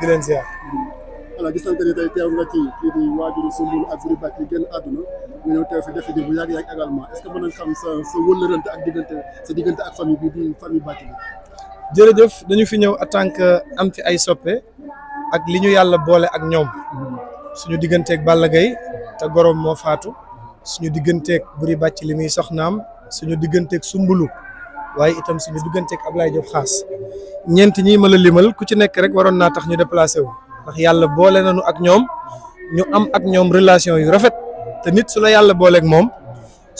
di leen ziar. voilà gis ci kii di waajuru Soumboulou ak Boury Bàcc yi génn def di bu yàgg yàgg également est ce que mën nañ xam sa sa wëllërante ak diggante jërëjëf dañu fi ñëw en tant que am fi ay soppe ak li ñu yàlla boole ak ñoom suñu digganteeg Balla Gaye te gorom moo faatu suñu digganteeg Boury Bàcc li muy soxnaam suñu digganteeg sumbulu waaye itam suñu digganteeg lay Diop xaas ñeent ñi ma la limal ku ci nekk rek waroon naa tax ñu déplacé wu ndax yàlla boole nañu ak ñoom ñu am ak ñoom relation yu rafet te nit su la yàlla booleeg moom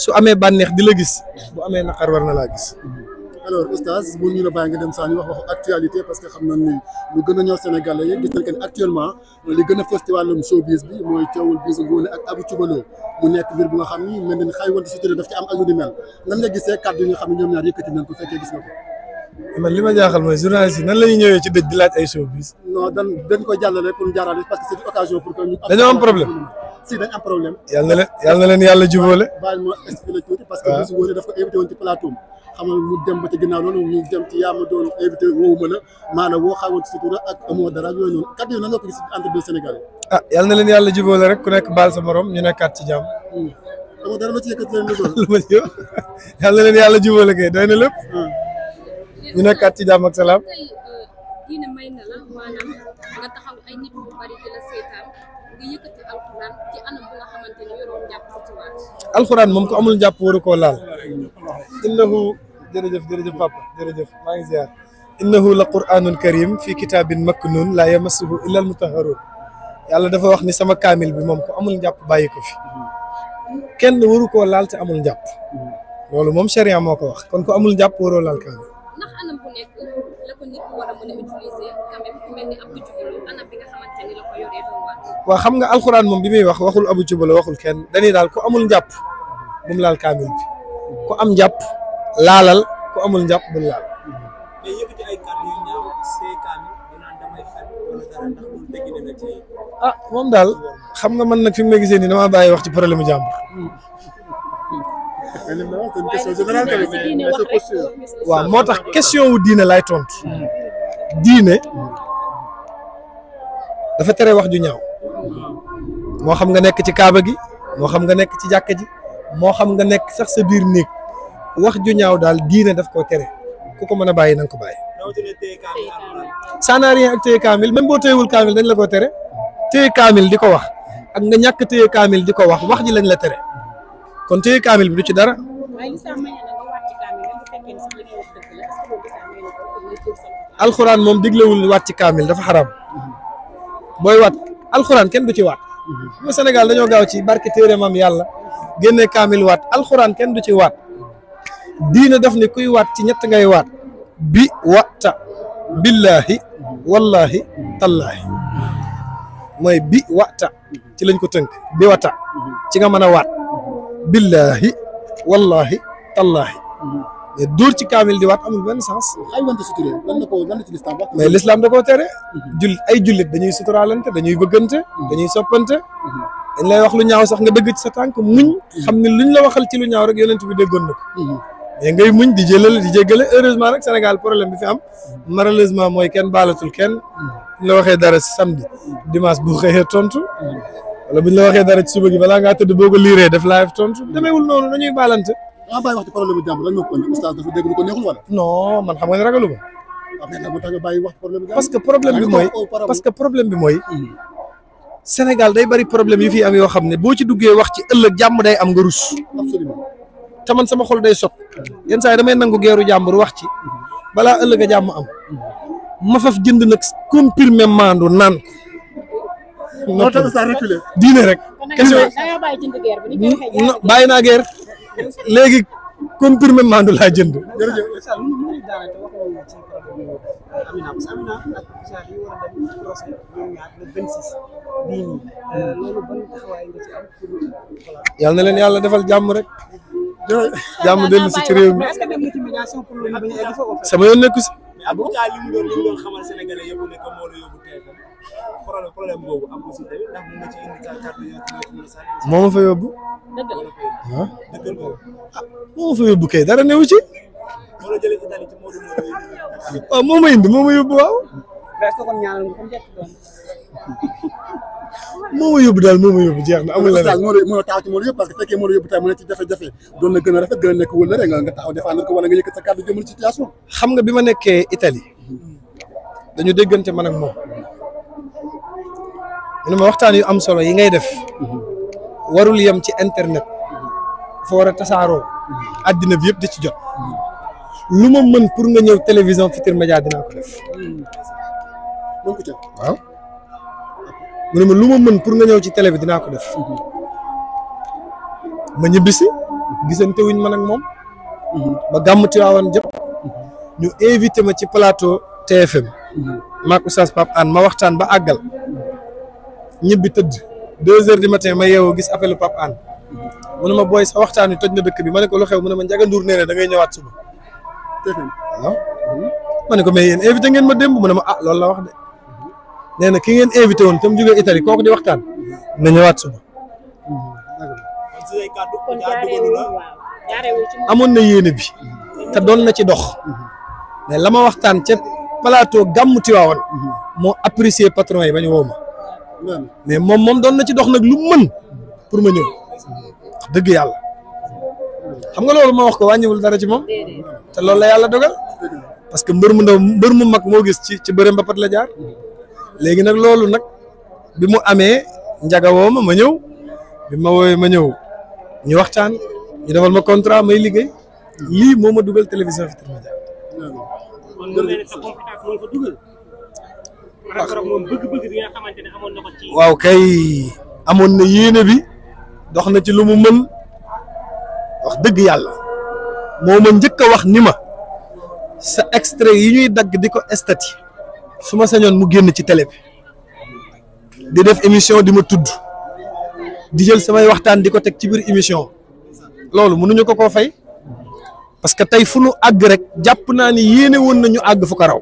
su amee bànneex di la gis bu amee naqar war na laa gis. alors oustaz mun ñu la bàyyi nga dem saa ñu wax wax actualité parce que xam nañ ni lu gën a ñor sénégalais yi gis nañ que ni actuellement li gën a fës ci wàllum bi mooy coowul bisu Ngoné ak Abou Thioubalo mu nekk mbir bu nga xam ni mel na xay wante sutura daf ci am ak lu di mel gisee kàddu yi nga xam ne ñoom ma jaaxal mooy journaliste yi nan la ñuy ñëwee ci dëj di laaj ay showbiz non dañ dañ ko jàllale pour parce que c'est une occasion pour que ñu dañoo am problème si dañ am problème yàlla leen yàlla xam nga mu dem ci ginnaaw noonu ñu dem ci yaa ma doon invité woowu woo xaawoon sutura ak amoo dara ak yooyu noonu kat yooyu nan nga ko gis entre deux Sénégal ah yal na leen yàlla jubóole rek ku nekk baal sa morom ñu nekkaat ci jàmm. Hmm. amoo dara la ci yëkkati leen yal na leen yàlla jubóole kay doy na lépp. Hmm. ñu nekkaat ci jàmm ak diine alxuraan moom ko amul jàpp waru koo laal. innahu jërëjëf jërëjëf papa jërëjëf maa ngi ziar. la quraanun karim fi kitaabin maknun laa yamassuhu illa almutahharun yàlla dafa wax ni sama kaamil bi moom ko amul njàpp bàyyi ko fi. kenn waru koo laal te amul njàpp. loolu moom sharia moo ko wax kon ko amul njàpp waroo laal kaamil. ko xam nga alxuraan moom bi may wax waxul Abdou Diouf waxul kenn dañuy daal ko amul njàpp bu laal kaamil bi ku am njàpp laalal ku amul njàpp bu laal. ah moom daal xam nga man nag fi mu may gisee nii damaa bàyyi wax ci problème mu waaw moo tax question wu diine lay tontu. diine dafa tere wax ju ñaaw moo xam nga nekk ci kaaba gi moo xam nga nekk ci jàkka ji moo xam nga nekk sax sa biir néeg wax ju ñaaw daal diine daf koo tere ku ko mën a bàyyi na nga ko bàyyi. ça n'a rien ak téye kaamil même boo teewul kaamil dañ la ko tere téye kaamil di ko wax ak nga ñàkk téye kaamil di ko wax wax ji lañ la tere. kon téye kaamil bi du ci dara. alxuraan moom diglewul waat ci kaamil dafa xaram booy waat alxuraan kenn du ci waat. bu Sénégal dañoo gaaw ci barke téere maam yàlla génne kaamil waat alxuraan kenn du ci waat diina daf ne kuy waat ci ñett ngay waat bi waata billaahi wallaahi tallaahi mooy bi waata ci lañ ko tënk bi waata ci nga mën a waat. billaahi wallaahi tallaahi mais dóor ci kaamil di waat amul benn sens. ay wante suturé lan la ko lan la ci lislaam wax mais lislaam da koo tere. Mhm. jul ay jullit dañuy suturaalante dañuy bëggante. Mhm. dañuy soppante. Mhm. dañ lay wax lu ñaaw sax nga dëgg ci sa tànk muñ. xam ne luñ la waxal ci lu ñaaw rek yonent bi déggoon na ko. mais ngay muñ di jëlal di jéggale heureusement rek Sénégal problème bi fi am. malheureusement mooy kenn baalatul kenn. la waxee dara samedi dimanche bu xëyee tontu. wala bu ñu la waxee dara ci suba gi balaa ngaa tëdd boo ko liiree def live tontu demeewul noonu dañuy baalante. waaw bàyyi wax ci problème man xam nga ne ragalu ma. parce que problème bi mooy parce que problème hmm. day bari problème yi fi am yoo xam ne boo ci duggee wax ci ëllëg jàmm day am nga rus. absolument man sama xol day sot yenn saa yi damay nangu geeru jàmbur wax ci bala ëllëg a jàmm am hmm. ma faf jënd nag comprimé maandu naan ko non tamit ça rek. question bàyyi naa guerre léegi comprimé mandu laa jënd. jërëjëf. yal euh, na leen yàlla defal jàmm rek. jàmm dellu si ci réew sama yoon nekku si. Ah problème problème moo ma fa yóbbu. dëgg la ah, fa yóbbu kay dara newu ci. waaw ah, moo ma indi moo a yóbbu waaw. moo ma yóbbu daal moo ma yóbbu jeex na amul leneen moo mën a taxaw ci moo la yóbbu parce que fekkee moo la yóbbu tey mu ne ci jafe-jafe doon na gën a rafet gën a nekk wëllëre nga nga defaa défendre ko wala nga yëkkat sa kàddu jëmal ci situation xam nga bi ma nekkee Italie hmm. dañu déggante man ak moom mu ma waxtaan yu am solo yi ngay def warul yem ci internet foo war a tasaaroo addina bi yëpp di ci jot lu ma mën pour nga ñëw télévision Futurs Médias dinaa ma lu ma mën pour nga ñëw ci télé dinaa ko def ma ñibbisi gisante wuñ ma ak moom ba gàmm Tiwaawan jëpp ñu invité ma ci plateau TFM maak Oustaz Pape Hann ma waxtaan ba àggal ñibbi tëdd deux heures du matin ma yew gis appelu Pape Hann mu ne ma booy sa waxtaan wi toj na dëkk bi ma ne ko lu xew mu ne ma Ndiaga Ndour nee na da ngay ñëwaat suba ne ko mais yéen invité ngeen ma demb mu ne ma ah loolu la wax de nee na ki ngeen invité woon tam jógee Italie kooku di waxtaan na ñëwaat suba amoon na yéene bi te doon na ci dox mais la ma waxtaan ca plateau gàmmu Tiwaawan moo apprécier patron yi ba ñu woo mais moom moom doon na ci dox nag lu mën pour ma ñëw dëgg yàlla xam nga loolu ma wax ko wàññiwul dara ci moom te loolu la yàlla dogal parce que mbër mu ndaw mbër mu mag moo gis ci ci bërëm ba pat la jaar léegi nag loolu nag bi mu amee njagawoo ma ma ñëw bi ma woowee ma ñëw ñu waxtaan ñu defal ma contrat may liggéey lii moo ma dugal télévision Futurs Médias waaw kay amoon na yéene bi dox na ci lu mu mën wax dëgg yàlla moo ma njëkk a wax ni ma sa extrait yi ñuy dagg di ko estati su ma sañoon mu génn ci télé bi di def émission di ma tudd di jël samay waxtaan di ko teg ci biir émission loolu mënuñu ko koo fay parce que tey fu nu àgg rek jàpp naa ni yéene woon nañu àgg fu ko raw